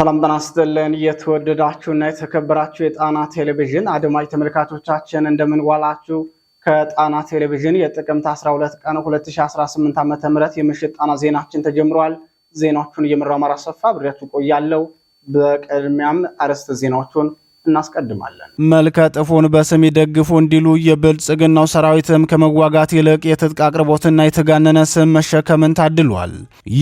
ሰላም ጤና ይስጥልን። የተወደዳችሁና የተከበራችሁ የጣና ቴሌቪዥን አድማጭ ተመልካቾቻችን እንደምን ዋላችሁ? ከጣና ቴሌቪዥን የጥቅምት 12 ቀን 2018 ዓ.ም የምሽት ጣና ዜናችን ተጀምሯል። ዜናዎቹን እየመራው አማራ ሰፋ ብሬያችሁ ቆያለው። በቅድሚያም አርዕስተ ዜናዎቹን እናስቀድማለን። መልከ ጥፉን በስም ይደግፉ እንዲሉ የብልጽግናው ሰራዊትም ከመዋጋት ይልቅ የትጥቅ አቅርቦትና የተጋነነ ስም መሸከምን ታድሏል።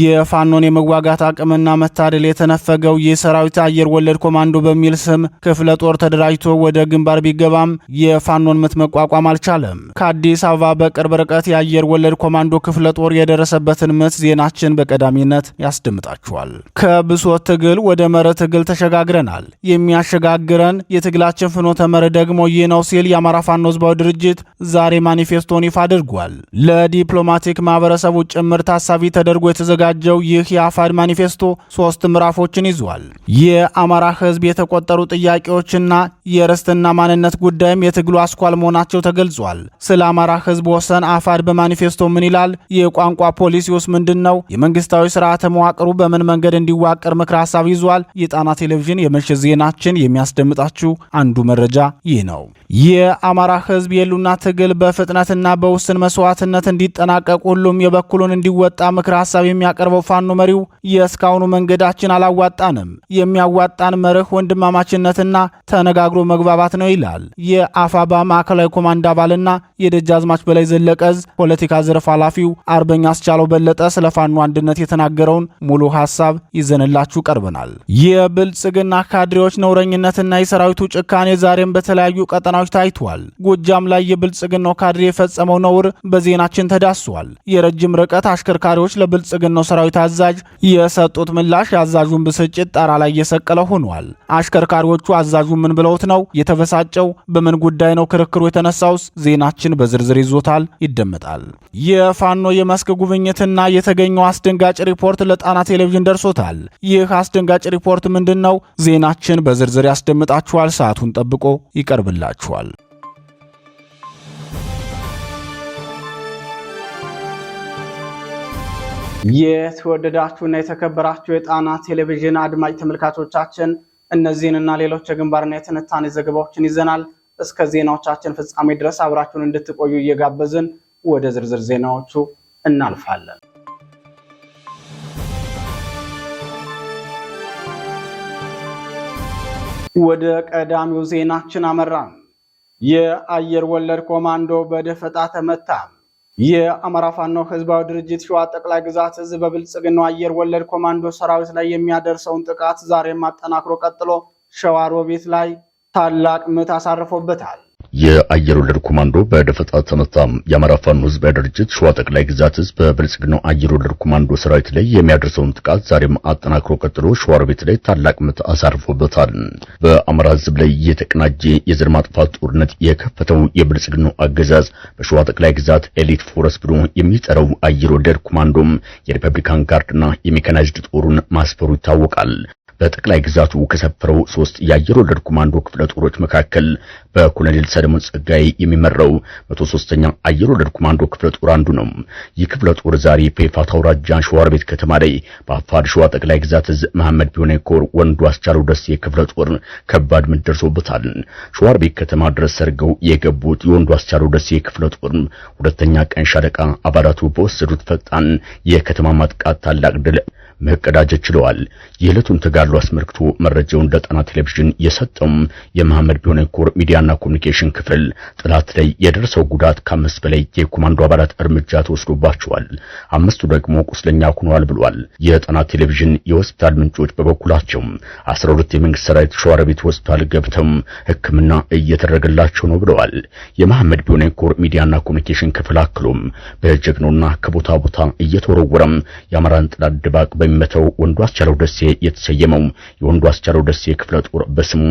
የፋኖን የመዋጋት አቅምና መታደል የተነፈገው የሰራዊት አየር ወለድ ኮማንዶ በሚል ስም ክፍለ ጦር ተደራጅቶ ወደ ግንባር ቢገባም የፋኖን ምት መቋቋም አልቻለም። ከአዲስ አበባ በቅርብ ርቀት የአየር ወለድ ኮማንዶ ክፍለ ጦር የደረሰበትን ምት ዜናችን በቀዳሚነት ያስደምጣችኋል። ከብሶት ትግል ወደ መረ ትግል ተሸጋግረናል። የሚያሸጋግረን ሲሆን የትግላችን ፍኖተ መርህ ደግሞ ይህ ነው ሲል የአማራ ፋኖ ህዝባዊ ድርጅት ዛሬ ማኒፌስቶን ይፋ አድርጓል። ለዲፕሎማቲክ ማህበረሰቡ ጭምር ታሳቢ ተደርጎ የተዘጋጀው ይህ የአፋድ ማኒፌስቶ ሶስት ምዕራፎችን ይዟል። የአማራ ህዝብ የተቆጠሩ ጥያቄዎችና የርስትና ማንነት ጉዳይም የትግሉ አስኳል መሆናቸው ተገልጿል። ስለ አማራ ህዝብ ወሰን አፋድ በማኒፌስቶ ምን ይላል? የቋንቋ ፖሊሲ ውስጥ ምንድን ነው? የመንግስታዊ ስርዓተ መዋቅሩ በምን መንገድ እንዲዋቀር ምክረ ሀሳብ ይዟል። የጣና ቴሌቪዥን የምሽት ዜናችን የሚያስደምጥ የሚሰጣችሁ አንዱ መረጃ ይህ ነው። የአማራ ህዝብ የሉና ትግል በፍጥነትና በውስን መስዋዕትነት እንዲጠናቀቅ ሁሉም የበኩሉን እንዲወጣ ምክር ሀሳብ የሚያቀርበው ፋኖ መሪው የእስካሁኑ መንገዳችን አላዋጣንም፣ የሚያዋጣን መርህ ወንድማማችነትና ተነጋግሮ መግባባት ነው ይላል የአፋባ ማዕከላዊ ኮማንድ አባልና የደጃዝማች በላይ ዘለቀዝ ፖለቲካ ዘርፍ ኃላፊው አርበኛ አስቻለው በለጠ ስለ ፋኖ አንድነት የተናገረውን ሙሉ ሀሳብ ይዘንላችሁ ቀርበናል። የብልጽግና ካድሬዎች ነውረኝነትና የሰራዊቱ ጭካኔ ዛሬም በተለያዩ ቀጠናዎች ታይቷል። ጎጃም ላይ የብልጽግናው ካድሬ የፈጸመው ነውር በዜናችን ተዳስሷል። የረጅም ርቀት አሽከርካሪዎች ለብልጽግናው ሰራዊት አዛዥ የሰጡት ምላሽ የአዛዡን ብስጭት ጣራ ላይ እየሰቀለ ሆኗል። አሽከርካሪዎቹ አዛዡ ምን ብለውት ነው የተበሳጨው? በምን ጉዳይ ነው ክርክሩ የተነሳውስ? ዜናችን በዝርዝር ይዞታል፣ ይደመጣል። የፋኖ የመስክ ጉብኝትና የተገኘው አስደንጋጭ ሪፖርት ለጣና ቴሌቪዥን ደርሶታል። ይህ አስደንጋጭ ሪፖርት ምንድን ነው? ዜናችን በዝርዝር ያስደምጣል። ይደርሳችኋል። ሰዓቱን ጠብቆ ይቀርብላችኋል። የተወደዳችሁና የተከበራችሁ የጣና ቴሌቪዥን አድማጭ ተመልካቾቻችን እነዚህንና ሌሎች የግንባርና የትንታኔ ዘገባዎችን ይዘናል። እስከ ዜናዎቻችን ፍጻሜ ድረስ አብራችሁን እንድትቆዩ እየጋበዝን ወደ ዝርዝር ዜናዎቹ እናልፋለን። ወደ ቀዳሚው ዜናችን አመራ። የአየር ወለድ ኮማንዶ በደፈጣ ተመታ። የአማራ ፋኖ ህዝባዊ ድርጅት ሸዋ ጠቅላይ ግዛት ህዝብ በብልጽግናው አየር ወለድ ኮማንዶ ሰራዊት ላይ የሚያደርሰውን ጥቃት ዛሬም አጠናክሮ ቀጥሎ ሸዋ ሮቢት ላይ ታላቅ ምት አሳርፎበታል። የአየር ወለድ ኮማንዶ በደፈጣ ተመታ። የአማራ ፋኖ ህዝብ ድርጅት ሸዋ ጠቅላይ ግዛት ህዝብ በብልጽግናው አየር ወለድ ኮማንዶ ሰራዊት ላይ የሚያደርሰውን ጥቃት ዛሬም አጠናክሮ ቀጥሎ ሸዋሮቢት ላይ ታላቅ ምት አሳርፎበታል። በአማራ ህዝብ ላይ የተቀናጀ የዘር ማጥፋት ጦርነት የከፈተው የብልጽግናው አገዛዝ በሸዋ ጠቅላይ ግዛት ኤሊት ፎረስ ብሎ የሚጠራው አየር ወለድ ኮማንዶም የሪፐብሊካን ጋርድና የሜካናይዝድ ጦሩን ማስፈሩ ይታወቃል። በጠቅላይ ግዛቱ ከሰፈረው ሶስት የአየር ወለድ ኮማንዶ ክፍለ ጦሮች መካከል በኮሎኔል ሰለሞን ጸጋይ የሚመራው 103ኛ አየር ወለድ ኮማንዶ ክፍለ ጦር አንዱ ነው። ይህ ክፍለ ጦር ዛሬ በይፋት አውራጃ ሸዋር ቤት ከተማ ላይ በአፋድ ሸዋ ጠቅላይ ግዛት እዝ መሐመድ ቢሆነ ኮር ወንዱ አስቻለው ደሴ ክፍለ ጦር ከባድ ምት ደርሶበታል። ሸዋር ቤት ከተማ ድረስ ሰርገው የገቡት የወንዱ አስቻለው ደሴ ክፍለ ጦር ሁለተኛ ቀን ሻለቃ አባላቱ በወሰዱት ፈጣን የከተማ ማጥቃት ታላቅ ድል መቀዳጀት ችለዋል። የዕለቱን ተጋድሎ አስመልክቶ መረጃውን ለጣና ቴሌቪዥን የሰጠውም የመሐመድ ቢሆነ ኮር ሚዲያና ኮሚኒኬሽን ክፍል ጥላት ላይ የደረሰው ጉዳት ከአምስት በላይ የኮማንዶ አባላት እርምጃ ተወስዶባቸዋል፣ አምስቱ ደግሞ ቁስለኛ ሆነዋል ብሏል። የጣና ቴሌቪዥን የሆስፒታል ምንጮች በበኩላቸው 12 የመንግስት ሰራዊት ሸዋረቤት ሆስፒታል ገብተው ሕክምና እየተደረገላቸው ነው ብለዋል። የመሐመድ ቢሆነ ኮር ሚዲያና ኮሚኒኬሽን ክፍል አክሎም በጀግኖና ከቦታ ቦታ እየተወረወረም የአማራን ጥላት ድባቅ የሚመተው ወንዱ አስቻለው ደሴ የተሰየመው የወንዱ አስቻለው ደሴ ክፍለ ጦር በስሙ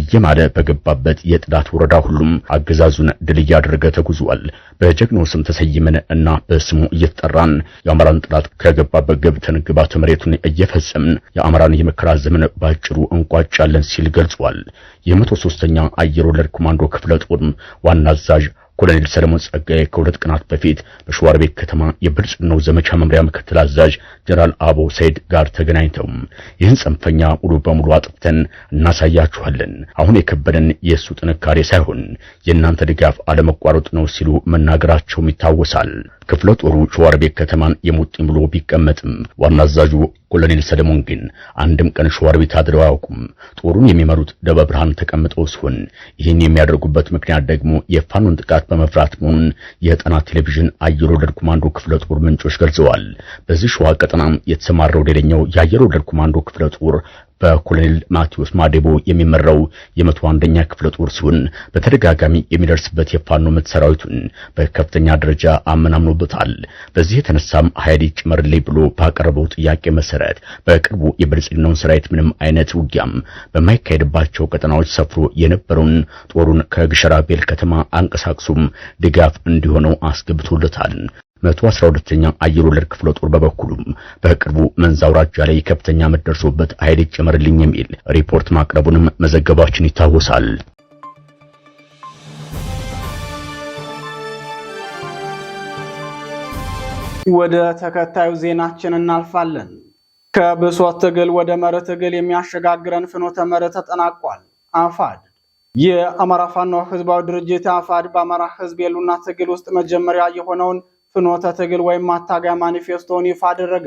እየማለ በገባበት የጥዳት ወረዳ ሁሉም አገዛዙን ድል እያደረገ ተጉዟል። በጀግናው ስም ተሰይመን እና በስሙ እየተጠራን የአማራን ጥላት ከገባበት ገብተን ግባተ መሬቱን እየፈጸምን የአማራን የመከራ ዘመን ባጭሩ እንቋጫለን ሲል ገልጿል። የመቶ ሦስተኛ አየር ወለድ ኮማንዶ ክፍለ ጦር ዋና አዛዥ ኮሎኔል ሰለሞን ጸጋዬ ከሁለት ቀናት በፊት ቤት ከተማ የብልጽግናው ዘመቻ መምሪያ ምክትል አዛዥ ጀነራል አቦ ሰይድ ጋር ተገናኝተው ይህን ጽንፈኛ ሙሉ በሙሉ አጥፍተን እናሳያችኋለን፣ አሁን የከበደን የእሱ ጥንካሬ ሳይሆን የእናንተ ድጋፍ አለመቋረጥ ነው ሲሉ መናገራቸውም ይታወሳል። ክፍለ ጦሩ ሸዋሮቢት ከተማን የሙጥኝ ብሎ ቢቀመጥም ዋና አዛዡ ኮሎኔል ሰለሞን ግን አንድም ቀን ሸዋርቤት አድረው አያውቁም። ጦሩን የሚመሩት ደብረ ብርሃን ተቀምጠው ሲሆን ይህን የሚያደርጉበት ምክንያት ደግሞ የፋኖን ጥቃት በመፍራት መሆኑን የጣና ቴሌቪዥን አየር ወለድ ኮማንዶ ክፍለ ጦር ምንጮች ገልጸዋል። በዚህ ሸዋ ቀጠናም የተሰማረው ሌላኛው የአየር ወለድ ኮማንዶ ክፍለ ጦር በኮሎኔል ማቴዎስ ማዴቦ የሚመራው የመቶ አንደኛ ክፍለ ጦር ሲሆን በተደጋጋሚ የሚደርስበት የፋኖ ምት ሰራዊቱን በከፍተኛ ደረጃ አመናምኖበታል። በዚህ የተነሳም ኃይል ይጨመርልኝ ብሎ ባቀረበው ጥያቄ መሰረት በቅርቡ የብልጽግናውን ሰራዊት ምንም አይነት ውጊያም በማይካሄድባቸው ቀጠናዎች ሰፍሮ የነበረውን ጦሩን ከግሸራቤል ከተማ አንቀሳቅሱም ድጋፍ እንዲሆነው አስገብቶለታል። 112ኛ አየር ወለድ ክፍለ ጦር በበኩሉም በቅርቡ መንዛ አውራጃ ላይ ከፍተኛ ምት ደርሶበት ኃይል ይጨመርልኝ የሚል ሪፖርት ማቅረቡንም መዘገባችን ይታወሳል። ወደ ተከታዩ ዜናችን እናልፋለን። ከብሶት ትግል ወደ መርህ ትግል የሚያሸጋግረን ፍኖተ መርህ ተጠናቋል። አፋድ የአማራ ፋኖ ህዝባዊ ድርጅት አፋድ በአማራ ህዝብ የሉና ትግል ውስጥ መጀመሪያ የሆነውን ፍኖተ ትግል ወይም ማታጋያ ማኒፌስቶውን ይፋ አደረገ።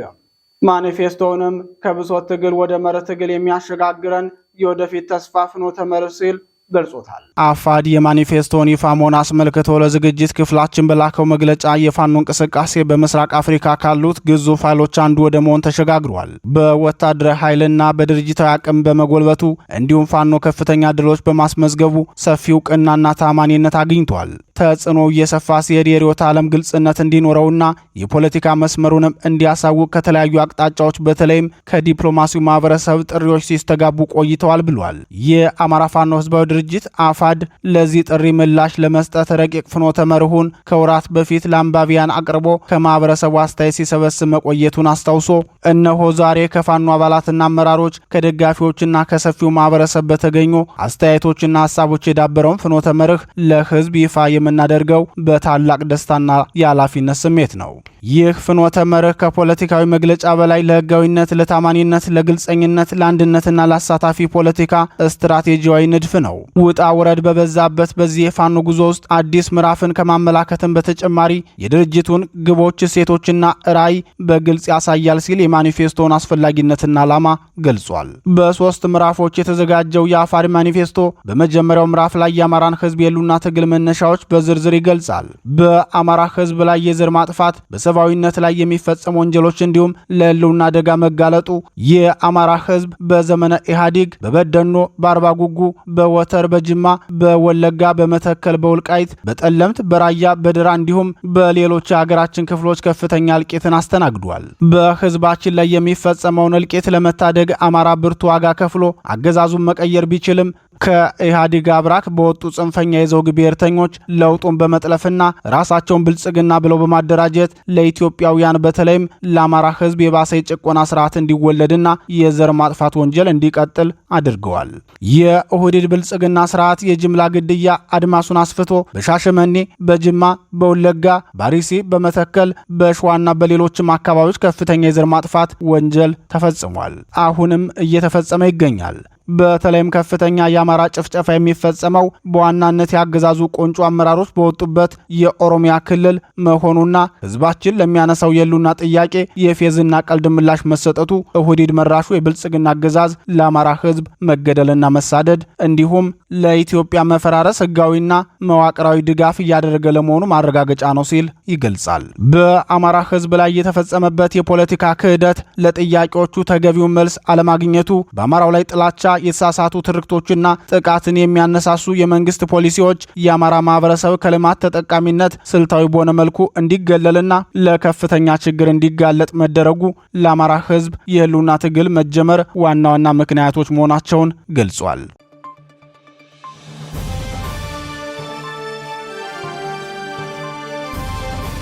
ማኒፌስቶውንም ከብሶት ትግል ወደ መርህ ትግል የሚያሸጋግረን የወደፊት ተስፋ ፍኖተ መርህ ሲል ገልጾታል። አፋድ የማኒፌስቶን ይፋ መሆን አስመልክቶ ለዝግጅት ክፍላችን በላከው መግለጫ የፋኖ እንቅስቃሴ በምስራቅ አፍሪካ ካሉት ግዙፍ ኃይሎች አንዱ ወደ መሆን ተሸጋግሯል። በወታደራዊ ኃይልና በድርጅታዊ አቅም በመጎልበቱ እንዲሁም ፋኖ ከፍተኛ ድሎች በማስመዝገቡ ሰፊ እውቅናና ታማኒነት አግኝቷል። ተጽዕኖ እየሰፋ ሲሄድ የርዕዮተ ዓለም ግልጽነት እንዲኖረውና የፖለቲካ መስመሩንም እንዲያሳውቅ ከተለያዩ አቅጣጫዎች በተለይም ከዲፕሎማሲው ማህበረሰብ ጥሪዎች ሲስተጋቡ ቆይተዋል ብሏል። የአማራ ፋኖ ህዝባዊ ድርጅት አፋድ ለዚህ ጥሪ ምላሽ ለመስጠት ረቂቅ ፍኖተ መርሁን ከወራት በፊት ለአንባቢያን አቅርቦ ከማህበረሰቡ አስተያየት ሲሰበስብ መቆየቱን አስታውሶ እነሆ ዛሬ ከፋኖ አባላትና አመራሮች ከደጋፊዎችና ከሰፊው ማህበረሰብ በተገኙ አስተያየቶችና ሀሳቦች የዳበረውን ፍኖተ መርህ ለህዝብ ይፋ የመ የምናደርገው በታላቅ ደስታና የኃላፊነት ስሜት ነው። ይህ ፍኖተ መርህ ከፖለቲካዊ መግለጫ በላይ ለህጋዊነት፣ ለታማኒነት፣ ለግልጸኝነት፣ ለአንድነትና ለአሳታፊ ፖለቲካ ስትራቴጂያዊ ንድፍ ነው። ውጣ ውረድ በበዛበት በዚህ የፋኖ ጉዞ ውስጥ አዲስ ምዕራፍን ከማመላከትን በተጨማሪ የድርጅቱን ግቦች፣ እሴቶችና ራዕይ በግልጽ ያሳያል ሲል የማኒፌስቶውን አስፈላጊነትና ዓላማ ገልጿል። በሶስት ምዕራፎች የተዘጋጀው የአፋር ማኒፌስቶ በመጀመሪያው ምዕራፍ ላይ የአማራን ህዝብ የሉና ትግል መነሻዎች በ በዝርዝር ይገልጻል። በአማራ ህዝብ ላይ የዘር ማጥፋት፣ በሰብአዊነት ላይ የሚፈጸሙ ወንጀሎች እንዲሁም ለህልውና አደጋ መጋለጡ የአማራ ህዝብ በዘመነ ኢህአዴግ በበደኖ፣ በአርባ ጉጉ፣ በወተር፣ በጅማ፣ በወለጋ፣ በመተከል፣ በውልቃይት፣ በጠለምት፣ በራያ፣ በድራ እንዲሁም በሌሎች የሀገራችን ክፍሎች ከፍተኛ እልቂትን አስተናግዷል። በህዝባችን ላይ የሚፈጸመውን እልቂት ለመታደግ አማራ ብርቱ ዋጋ ከፍሎ አገዛዙን መቀየር ቢችልም ከኢህአዲግ አብራክ በወጡ ጽንፈኛ የዘውግ ብሔርተኞች ለውጡን በመጥለፍና ራሳቸውን ብልጽግና ብለው በማደራጀት ለኢትዮጵያውያን በተለይም ለአማራ ሕዝብ የባሰ የጭቆና ስርዓት እንዲወለድና የዘር ማጥፋት ወንጀል እንዲቀጥል አድርገዋል። የኦህዴድ ብልጽግና ስርዓት የጅምላ ግድያ አድማሱን አስፍቶ በሻሸመኔ፣ በጅማ፣ በወለጋ፣ ባሪሲ፣ በመተከል፣ በሸዋና በሌሎችም አካባቢዎች ከፍተኛ የዘር ማጥፋት ወንጀል ተፈጽሟል። አሁንም እየተፈጸመ ይገኛል። በተለይም ከፍተኛ የአማራ ጭፍጨፋ የሚፈጸመው በዋናነት የአገዛዙ ቁንጮ አመራሮች በወጡበት የኦሮሚያ ክልል መሆኑና ህዝባችን ለሚያነሳው የሉና ጥያቄ የፌዝና ቀልድ ምላሽ መሰጠቱ እሁዲድ መራሹ የብልጽግና አገዛዝ ለአማራ ህዝብ መገደልና መሳደድ እንዲሁም ለኢትዮጵያ መፈራረስ ህጋዊና መዋቅራዊ ድጋፍ እያደረገ ለመሆኑ ማረጋገጫ ነው ሲል ይገልጻል። በአማራ ህዝብ ላይ የተፈጸመበት የፖለቲካ ክህደት ለጥያቄዎቹ ተገቢውን መልስ አለማግኘቱ በአማራው ላይ ጥላቻ የተሳሳቱ ትርክቶችና ጥቃትን የሚያነሳሱ የመንግስት ፖሊሲዎች የአማራ ማህበረሰብ ከልማት ተጠቃሚነት ስልታዊ በሆነ መልኩ እንዲገለልና ለከፍተኛ ችግር እንዲጋለጥ መደረጉ ለአማራ ህዝብ የህልውና ትግል መጀመር ዋና ዋና ምክንያቶች መሆናቸውን ገልጿል።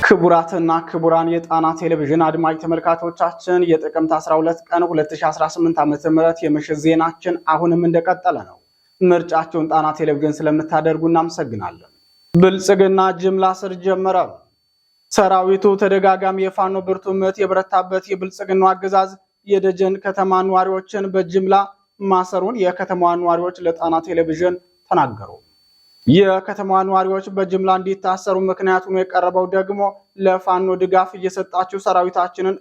ክቡራትና ክቡራን የጣና ቴሌቪዥን አድማጭ ተመልካቾቻችን የጥቅምት 12 ቀን 2018 ዓ.ም የምሽት ዜናችን አሁንም እንደቀጠለ ነው። ምርጫቸውን ጣና ቴሌቪዥን ስለምታደርጉ እናመሰግናለን። ብልጽግና ጅምላ ስር ጀመረ። ሰራዊቱ ተደጋጋሚ የፋኖ ብርቱ ምት የበረታበት የብልጽግናው አገዛዝ የደጀን ከተማ ነዋሪዎችን በጅምላ ማሰሩን የከተማዋ ነዋሪዎች ለጣና ቴሌቪዥን ተናገሩ። የከተማዋ ነዋሪዎች በጅምላ እንዲታሰሩ ምክንያቱም የቀረበው ደግሞ ለፋኖ ድጋፍ እየሰጣችሁ ሰራዊታችንን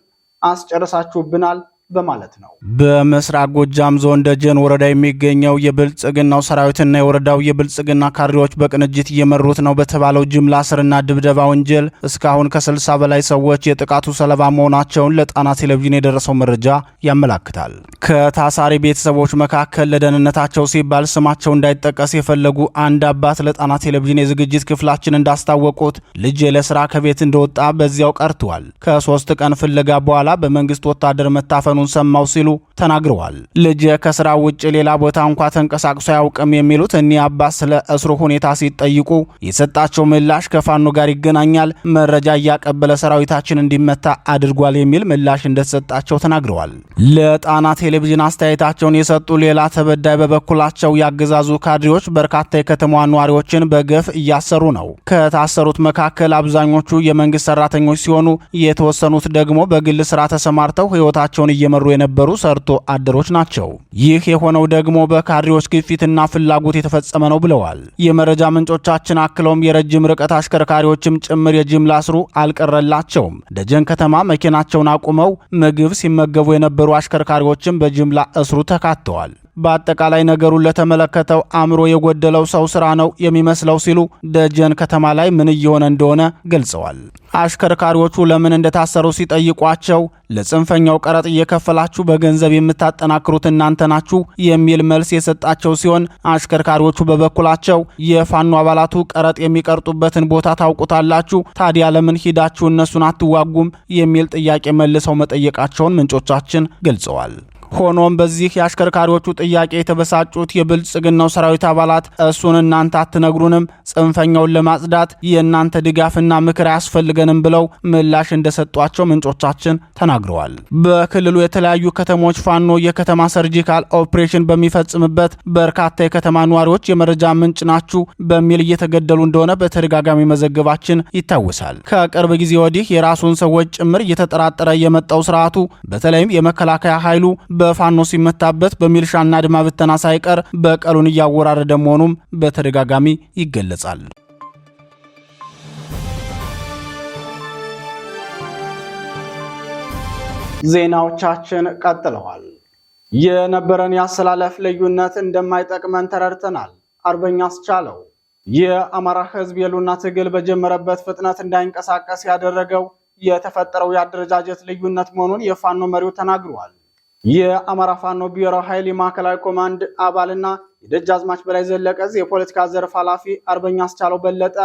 አስጨርሳችሁብናል በማለት ነው። በምስራቅ ጎጃም ዞን ደጀን ወረዳ የሚገኘው የብልጽግናው ሰራዊትና የወረዳው የብልጽግና ካድሬዎች በቅንጅት እየመሩት ነው በተባለው ጅምላ እስርና ድብደባ ወንጀል እስካሁን ከ60 በላይ ሰዎች የጥቃቱ ሰለባ መሆናቸውን ለጣና ቴሌቪዥን የደረሰው መረጃ ያመላክታል። ከታሳሪ ቤተሰቦች መካከል ለደህንነታቸው ሲባል ስማቸው እንዳይጠቀስ የፈለጉ አንድ አባት ለጣና ቴሌቪዥን የዝግጅት ክፍላችን እንዳስታወቁት ልጄ ለስራ ከቤት እንደወጣ በዚያው ቀርቷል። ከሶስት ቀን ፍለጋ በኋላ በመንግስት ወታደር መታፈኑ መሆኑን ሰማው ሲሉ ተናግረዋል። ልጅ ከስራ ውጭ ሌላ ቦታ እንኳ ተንቀሳቅሶ አያውቅም የሚሉት እኒህ አባት ስለ እስሩ ሁኔታ ሲጠይቁ የሰጣቸው ምላሽ ከፋኖ ጋር ይገናኛል፣ መረጃ እያቀበለ ሰራዊታችን እንዲመታ አድርጓል የሚል ምላሽ እንደተሰጣቸው ተናግረዋል። ለጣና ቴሌቪዥን አስተያየታቸውን የሰጡ ሌላ ተበዳይ በበኩላቸው ያገዛዙ ካድሬዎች በርካታ የከተማ ነዋሪዎችን በገፍ እያሰሩ ነው። ከታሰሩት መካከል አብዛኞቹ የመንግስት ሰራተኞች ሲሆኑ የተወሰኑት ደግሞ በግል ስራ ተሰማርተው ህይወታቸውን እየ እየመሩ የነበሩ ሰርቶ አደሮች ናቸው። ይህ የሆነው ደግሞ በካድሬዎች ግፊትና ፍላጎት የተፈጸመ ነው ብለዋል የመረጃ ምንጮቻችን። አክለውም የረጅም ርቀት አሽከርካሪዎችም ጭምር የጅምላ ስሩ አልቀረላቸውም። ደጀን ከተማ መኪናቸውን አቁመው ምግብ ሲመገቡ የነበሩ አሽከርካሪዎችም በጅምላ እስሩ ተካተዋል። በአጠቃላይ ነገሩን ለተመለከተው አእምሮ የጎደለው ሰው ስራ ነው የሚመስለው ሲሉ ደጀን ከተማ ላይ ምን እየሆነ እንደሆነ ገልጸዋል። አሽከርካሪዎቹ ለምን እንደታሰሩ ሲጠይቋቸው ለጽንፈኛው ቀረጥ እየከፈላችሁ በገንዘብ የምታጠናክሩት እናንተ ናችሁ የሚል መልስ የሰጣቸው ሲሆን አሽከርካሪዎቹ በበኩላቸው የፋኖ አባላቱ ቀረጥ የሚቀርጡበትን ቦታ ታውቁታላችሁ፣ ታዲያ ለምን ሂዳችሁ እነሱን አትዋጉም የሚል ጥያቄ መልሰው መጠየቃቸውን ምንጮቻችን ገልጸዋል። ሆኖም በዚህ የአሽከርካሪዎቹ ጥያቄ የተበሳጩት የብልጽግናው ሰራዊት አባላት እሱን እናንተ አትነግሩንም፣ ጽንፈኛውን ለማጽዳት የእናንተ ድጋፍና ምክር አያስፈልገንም ብለው ምላሽ እንደሰጧቸው ምንጮቻችን ተናግረዋል። በክልሉ የተለያዩ ከተሞች ፋኖ የከተማ ሰርጂካል ኦፕሬሽን በሚፈጽምበት በርካታ የከተማ ነዋሪዎች የመረጃ ምንጭ ናችሁ በሚል እየተገደሉ እንደሆነ በተደጋጋሚ መዘገባችን ይታወሳል። ከቅርብ ጊዜ ወዲህ የራሱን ሰዎች ጭምር እየተጠራጠረ የመጣው ስርዓቱ በተለይም የመከላከያ ኃይሉ በፋኖ ሲመታበት በሚልሻና አድማ ብተና ሳይቀር በቀሉን እያወራረደ መሆኑም በተደጋጋሚ ይገለጻል። ዜናዎቻችን ቀጥለዋል። የነበረን የአሰላለፍ ልዩነት እንደማይጠቅመን ተረድተናል። አርበኛ አስቻለው የአማራ ሕዝብ የሉና ትግል በጀመረበት ፍጥነት እንዳይንቀሳቀስ ያደረገው የተፈጠረው የአደረጃጀት ልዩነት መሆኑን የፋኖ መሪው ተናግሯል። የአማራ ፋኖ ብሔራዊ ኃይል የማዕከላዊ ኮማንድ አባልና የደጃዝማች በላይ ዘለቀ የፖለቲካ ዘርፍ ኃላፊ አርበኛ አስቻለው በለጠ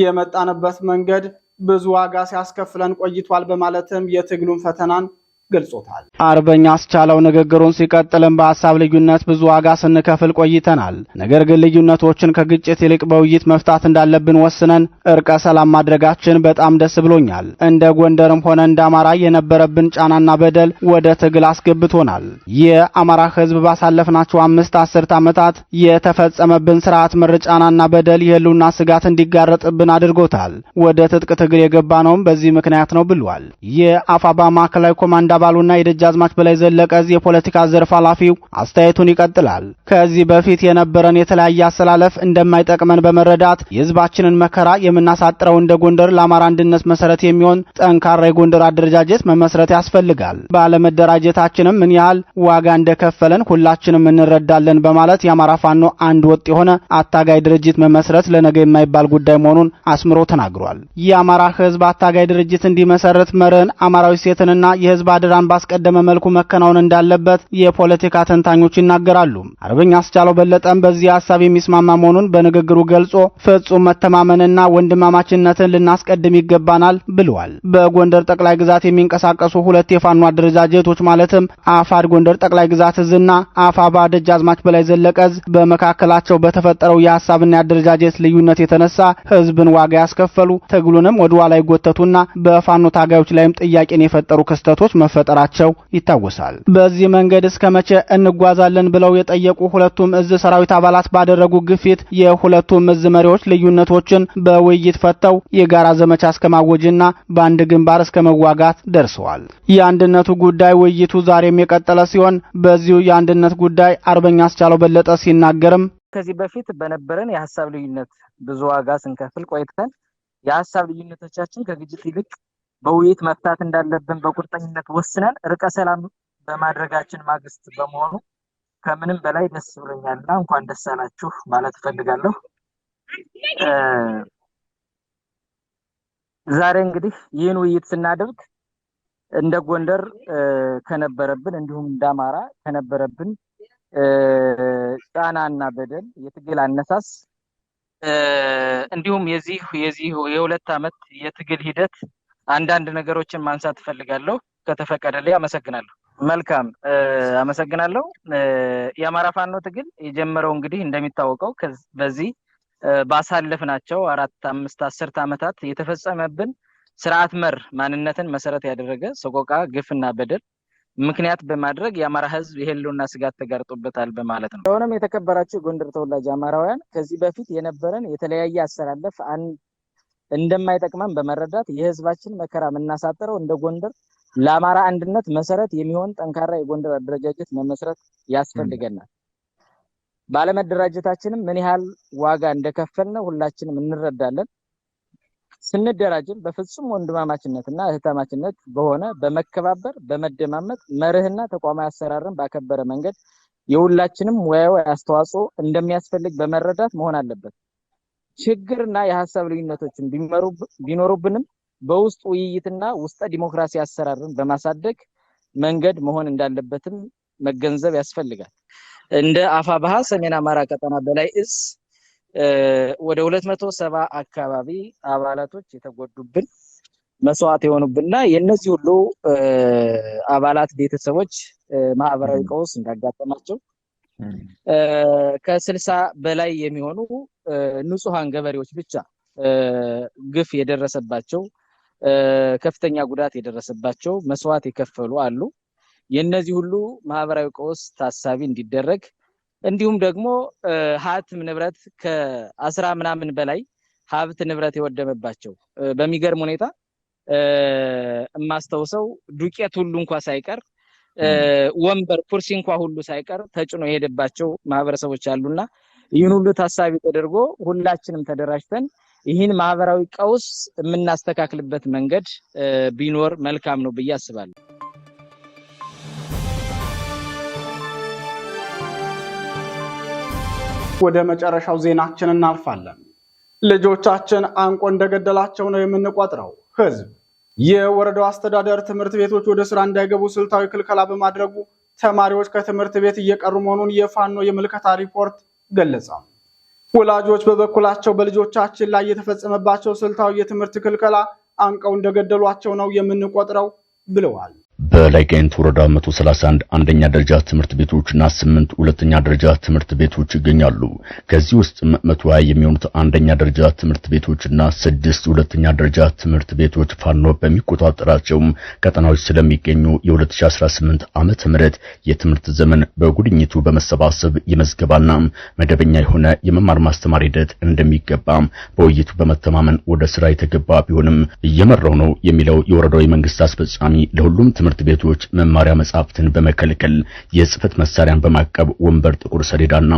የመጣንበት መንገድ ብዙ ዋጋ ሲያስከፍለን ቆይቷል በማለትም የትግሉን ፈተናን ገልጾታል። አርበኛ አስቻለው ንግግሩን ሲቀጥልም በሀሳብ ልዩነት ብዙ ዋጋ ስንከፍል ቆይተናል። ነገር ግን ልዩነቶችን ከግጭት ይልቅ በውይይት መፍታት እንዳለብን ወስነን እርቀ ሰላም ማድረጋችን በጣም ደስ ብሎኛል። እንደ ጎንደርም ሆነ እንደ አማራ የነበረብን ጫናና በደል ወደ ትግል አስገብቶናል። የአማራ ህዝብ ባሳለፍናቸው አምስት አስርት ዓመታት የተፈጸመብን ስርዓት ምር ጫናና በደል የህልውና ስጋት እንዲጋረጥብን አድርጎታል። ወደ ትጥቅ ትግል የገባነው በዚህ ምክንያት ነው ብሏል። የአፋባ ማዕከላዊ ኮማንዳ አባሉና የደጃዝማች በላይ ዘለቀ የፖለቲካ ዘርፍ ኃላፊው አስተያየቱን ይቀጥላል። ከዚህ በፊት የነበረን የተለያየ አሰላለፍ እንደማይጠቅመን በመረዳት የህዝባችንን መከራ የምናሳጥረው እንደ ጎንደር ለአማራ አንድነት መሰረት የሚሆን ጠንካራ የጎንደር አደረጃጀት መመስረት ያስፈልጋል። ባለመደራጀታችንም ምን ያህል ዋጋ እንደከፈለን ሁላችንም እንረዳለን በማለት የአማራ ፋኖ አንድ ወጥ የሆነ አታጋይ ድርጅት መመስረት ለነገ የማይባል ጉዳይ መሆኑን አስምሮ ተናግሯል። የአማራ ህዝብ አታጋይ ድርጅት እንዲመሰረት መርህን፣ አማራዊ ሴትንና የህዝብ አደ ድራን ባስቀደመ መልኩ መከናወን እንዳለበት የፖለቲካ ተንታኞች ይናገራሉ። አርበኛ አስቻለው በለጠም በዚህ ሀሳብ የሚስማማ መሆኑን በንግግሩ ገልጾ ፍጹም መተማመንና ወንድማማችነትን ልናስቀድም ይገባናል ብለዋል። በጎንደር ጠቅላይ ግዛት የሚንቀሳቀሱ ሁለት የፋኖ አደረጃጀቶች ማለትም አፋድ ጎንደር ጠቅላይ ግዛት እዝና አፋባ ደጃዝማች በላይ ዘለቀዝ በመካከላቸው በተፈጠረው የሀሳብና የአደረጃጀት ልዩነት የተነሳ ህዝብን ዋጋ ያስከፈሉ ትግሉንም ወደ ኋላ የጎተቱና በፋኖ ታጋዮች ላይም ጥያቄን የፈጠሩ ክስተቶች መፈ መፈጠራቸው ይታወሳል። በዚህ መንገድ እስከ መቼ እንጓዛለን ብለው የጠየቁ ሁለቱም እዝ ሰራዊት አባላት ባደረጉ ግፊት የሁለቱም እዝ መሪዎች ልዩነቶችን በውይይት ፈተው የጋራ ዘመቻ እስከ ማወጅና በአንድ ግንባር እስከ መዋጋት ደርሰዋል። የአንድነቱ ጉዳይ ውይይቱ ዛሬም የቀጠለ ሲሆን በዚሁ የአንድነት ጉዳይ አርበኛ አስቻለው በለጠ ሲናገርም ከዚህ በፊት በነበረን የሀሳብ ልዩነት ብዙ ዋጋ ስንከፍል ቆይተን የሀሳብ ልዩነቶቻችን ከግጭት ይልቅ በውይይት መፍታት እንዳለብን በቁርጠኝነት ወስነን ርቀ ሰላም በማድረጋችን ማግስት በመሆኑ ከምንም በላይ ደስ ብሎኛል እና እንኳን ደስ አላችሁ ማለት እፈልጋለሁ። ዛሬ እንግዲህ ይህን ውይይት ስናደርግ እንደ ጎንደር ከነበረብን እንዲሁም እንደ አማራ ከነበረብን ጫናና በደል የትግል አነሳስ እንዲሁም የዚህ የዚህ የሁለት ዓመት የትግል ሂደት አንዳንድ ነገሮችን ማንሳት እፈልጋለሁ ከተፈቀደልኝ። አመሰግናለሁ። መልካም አመሰግናለሁ። የአማራ ፋኖ ትግል የጀመረው እንግዲህ እንደሚታወቀው በዚህ ባሳለፍናቸው አራት አምስት አስርት ዓመታት የተፈጸመብን ስርዓት መር ማንነትን መሰረት ያደረገ ሰቆቃ፣ ግፍና በደል ምክንያት በማድረግ የአማራ ህዝብ የህልውና ስጋት ተጋርጦበታል በማለት ነው። ስለሆነም የተከበራቸው የጎንደር ተወላጅ አማራውያን ከዚህ በፊት የነበረን የተለያየ አሰላለፍ አንድ እንደማይጠቅመን በመረዳት የህዝባችን መከራ የምናሳጥረው እንደ ጎንደር ለአማራ አንድነት መሰረት የሚሆን ጠንካራ የጎንደር አደረጃጀት መመስረት ያስፈልገናል። ባለመደራጀታችንም ምን ያህል ዋጋ እንደከፈልነው ሁላችንም እንረዳለን። ስንደራጅም በፍጹም ወንድማማችነትና እህታማችነት በሆነ በመከባበር በመደማመጥ መርህና ተቋማዊ አሰራርን ባከበረ መንገድ የሁላችንም ሙያዊ አስተዋጽኦ እንደሚያስፈልግ በመረዳት መሆን አለበት። ችግርና የሀሳብ ልዩነቶችን ቢኖሩብንም በውስጥ ውይይትና ውስጠ ዲሞክራሲ አሰራርን በማሳደግ መንገድ መሆን እንዳለበትም መገንዘብ ያስፈልጋል። እንደ ባሃ ሰሜን አማራ ቀጠና በላይ እዝ ወደ ሁለት መቶ ሰባ አካባቢ አባላቶች የተጎዱብን መስዋዕት የሆኑብንና የእነዚህ ሁሉ አባላት ቤተሰቦች ማህበራዊ ቀውስ እንዳጋጠማቸው ከስልሳ በላይ የሚሆኑ ንጹሐን ገበሬዎች ብቻ ግፍ የደረሰባቸው ከፍተኛ ጉዳት የደረሰባቸው መስዋዕት የከፈሉ አሉ። የእነዚህ ሁሉ ማህበራዊ ቀውስ ታሳቢ እንዲደረግ እንዲሁም ደግሞ ሀብትም ንብረት ከአስራ ምናምን በላይ ሀብት ንብረት የወደመባቸው በሚገርም ሁኔታ የማስታውሰው ዱቄት ሁሉ እንኳ ሳይቀር ወንበር፣ ኩርሲ እንኳ ሁሉ ሳይቀር ተጭኖ የሄደባቸው ማህበረሰቦች አሉና ይህን ሁሉ ታሳቢ ተደርጎ ሁላችንም ተደራጅተን ይህን ማህበራዊ ቀውስ የምናስተካክልበት መንገድ ቢኖር መልካም ነው ብዬ አስባለሁ። ወደ መጨረሻው ዜናችን እናልፋለን። ልጆቻችን አንቆ እንደገደላቸው ነው የምንቆጥረው ህዝብ የወረዳው አስተዳደር ትምህርት ቤቶች ወደ ስራ እንዳይገቡ ስልታዊ ክልከላ በማድረጉ ተማሪዎች ከትምህርት ቤት እየቀሩ መሆኑን የፋኖ የምልከታ ሪፖርት ገለጸ። ወላጆች በበኩላቸው በልጆቻችን ላይ የተፈጸመባቸው ስልታዊ የትምህርት ክልከላ አንቀው እንደገደሏቸው ነው የምንቆጥረው ብለዋል። በላይ ጋይንት ወረዳ 131 አንደኛ ደረጃ ትምህርት ቤቶችና 8 ሁለተኛ ደረጃ ትምህርት ቤቶች ይገኛሉ። ከዚህ ውስጥ 120 የሚሆኑት አንደኛ ደረጃ ትምህርት እና 6 ሁለተኛ ደረጃ ትምህርት ቤቶች ፋኖ በሚቆጣጠራቸው ቀጠናዎች ስለሚገኙ የ2018 ዓመተ ምህረት የትምህርት ዘመን በጉድኝቱ በመሰባሰብ የመዝገባና መደበኛ የሆነ የመማር ማስተማር ሂደት እንደሚገባ በውይይቱ በመተማመን ወደ ስራ የተገባ ቢሆንም እየመራው ነው የሚለው የወረዳው የመንግስት አስፈጻሚ ለሁሉም ትምህርት ቤቶች መማሪያ መጽሐፍትን በመከልከል የጽህፈት መሳሪያን በማቀብ ወንበር፣ ጥቁር ሰሌዳና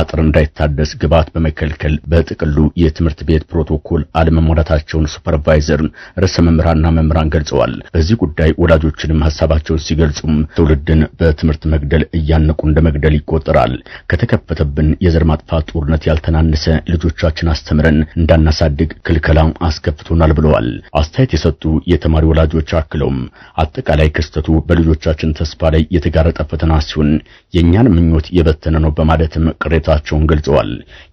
አጥር እንዳይታደስ ግብዓት በመከልከል በጥቅሉ የትምህርት ቤት ፕሮቶኮል አለመሟላታቸውን ሱፐርቫይዘር ርዕሰ መምህራንና መምህራን ገልጸዋል። በዚህ ጉዳይ ወላጆችንም ሀሳባቸውን ሲገልጹም ትውልድን በትምህርት መግደል እያነቁ እንደ መግደል ይቆጠራል። ከተከፈተብን የዘር ማጥፋት ጦርነት ያልተናነሰ ልጆቻችን አስተምረን እንዳናሳድግ ክልከላም አስከፍቶናል ብለዋል። አስተያየት የሰጡ የተማሪ ወላጆች አክለውም አጠቃላይ ክስተቱ በልጆቻችን ተስፋ ላይ የተጋረጠ ፈተና ሲሆን የእኛን ምኞት የበተነ ነው በማለትም ቅሬታቸውን ገልጸዋል።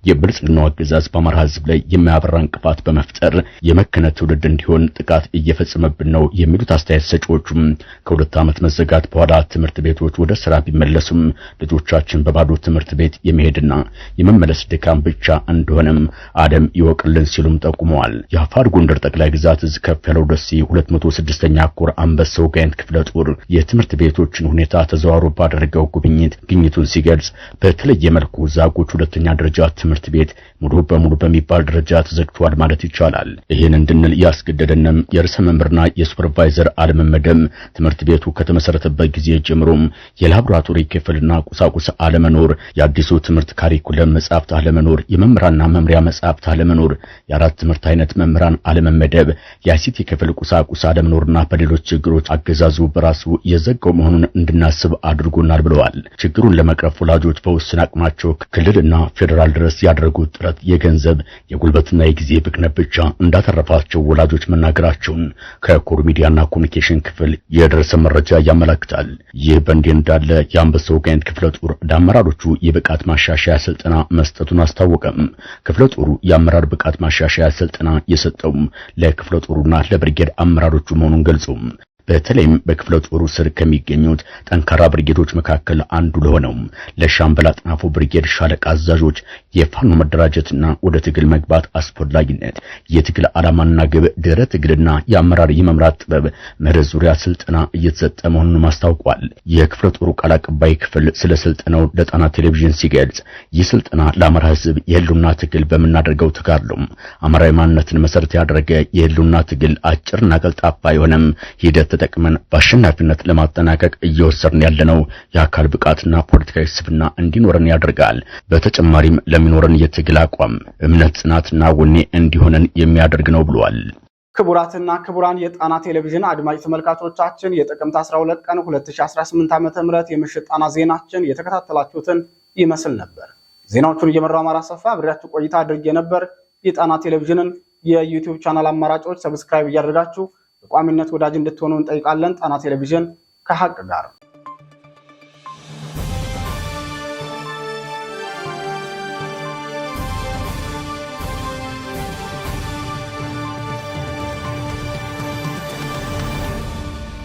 የብልጽግናው አገዛዝ በአማራ ሕዝብ ላይ የማያበራ እንቅፋት በመፍጠር የመከነ ትውልድ እንዲሆን ጥቃት እየፈጸመብን ነው የሚሉት አስተያየት ሰጪዎቹም ከሁለት ዓመት መዘጋት በኋላ ትምህርት ቤቶች ወደ ስራ ቢመለሱም ልጆቻችን በባዶ ትምህርት ቤት የመሄድና የመመለስ ድካም ብቻ እንደሆነም አደም ይወቅልን ሲሉም ጠቁመዋል። የአፋር ጎንደር ጠቅላይ ግዛት እዝ ከፍ ያለው ደሴ 206ኛ ኮር አንበሳው ጋይንት ክፍለ ጦር የትምህርት ቤቶችን ሁኔታ ተዘዋውሮ ባደረገው ጉብኝት ግኝቱን ሲገልጽ በተለየ መልኩ ዛጎች ሁለተኛ ደረጃ ትምህርት ቤት ሙሉ በሙሉ በሚባል ደረጃ ተዘግቷል ማለት ይቻላል። ይህን እንድንል ያስገደደንም የርዕሰ መምህርና የሱፐርቫይዘር አለመመደም፣ ትምህርት ቤቱ ከተመሰረተበት ጊዜ ጀምሮም የላቦራቶሪ ክፍልና ቁሳቁስ አለመኖር፣ የአዲሱ ትምህርት ካሪኩለም መጻሕፍት አለመኖር፣ የመምህራንና መምሪያ መጻሕፍት አለመኖር፣ የአራት ትምህርት አይነት መምህራን አለመመደብ፣ የአይሲቲ ክፍል ቁሳቁስ አለመኖርና በሌሎች ችግሮች አገዛዙ በራሱ የዘጋው መሆኑን እንድናስብ አድርጎናል ብለዋል። ችግሩን ለመቅረፍ ወላጆች በውስን አቅማቸው ክልልና ፌዴራል ድረስ ያደረጉት ጥረት የገንዘብ የጉልበትና የጊዜ ብክነት ብቻ እንዳተረፋቸው ወላጆች መናገራቸውን ከኮር ሚዲያና ኮሚኒኬሽን ክፍል የደረሰ መረጃ ያመለክታል። ይህ በእንዲህ እንዳለ የአንበሳው ጋይንት ክፍለ ጦር ለአመራሮቹ የብቃት ማሻሻያ ስልጠና መስጠቱን አስታወቀም። ክፍለ ጦሩ የአመራር ብቃት ማሻሻያ ስልጠና የሰጠውም ለክፍለ ጦሩና ለብርጌድ አመራሮቹ መሆኑን ገልጾም በተለይም በክፍለ ጦሩ ስር ከሚገኙት ጠንካራ ብርጌዶች መካከል አንዱ ለሆነው ለሻምበል አጥናፉ ብርጌድ ሻለቃ አዛዦች የፋኖ መደራጀትና ወደ ትግል መግባት አስፈላጊነት፣ የትግል ዓላማና ግብ፣ ድህረ ትግልና የአመራር የመምራት ጥበብ መርህ ዙሪያ ስልጠና እየተሰጠ መሆኑን አስታውቋል። የክፍለ ጦሩ ቃል አቀባይ ክፍል ስለ ስልጠናው ለጣና ቴሌቪዥን ሲገልጽ ይህ ስልጠና ለአማራ ሕዝብ የህልውና ትግል በምናደርገው ተጋድሎ አማራዊ ማንነትን መሰረት ያደረገ የህልውና ትግል አጭርና ቀልጣፋ የሆነም ሂደት ተጠቅመን በአሸናፊነት ለማጠናቀቅ እየወሰድን ያለነው የአካል ብቃትና ፖለቲካዊ ስብና እንዲኖረን ያደርጋል። በተጨማሪም ለሚኖረን የትግል አቋም፣ እምነት፣ ጽናትና ወኔ እንዲሆነን የሚያደርግ ነው ብሏል። ክቡራትና ክቡራን የጣና ቴሌቪዥን አድማጭ ተመልካቾቻችን የጥቅምት 12 ቀን 2018 ም የምሽት ጣና ዜናችን የተከታተላችሁትን ይመስል ነበር። ዜናዎቹን እየመራው አማራ ሰፋ ብሬያችሁ ቆይታ አድርጌ ነበር። የጣና ቴሌቪዥንን የዩቲዩብ ቻናል አማራጮች ሰብስክራይብ እያደረጋችሁ በቋሚነት ወዳጅ እንድትሆኑ እንጠይቃለን። ጣና ቴሌቪዥን ከሀቅ ጋር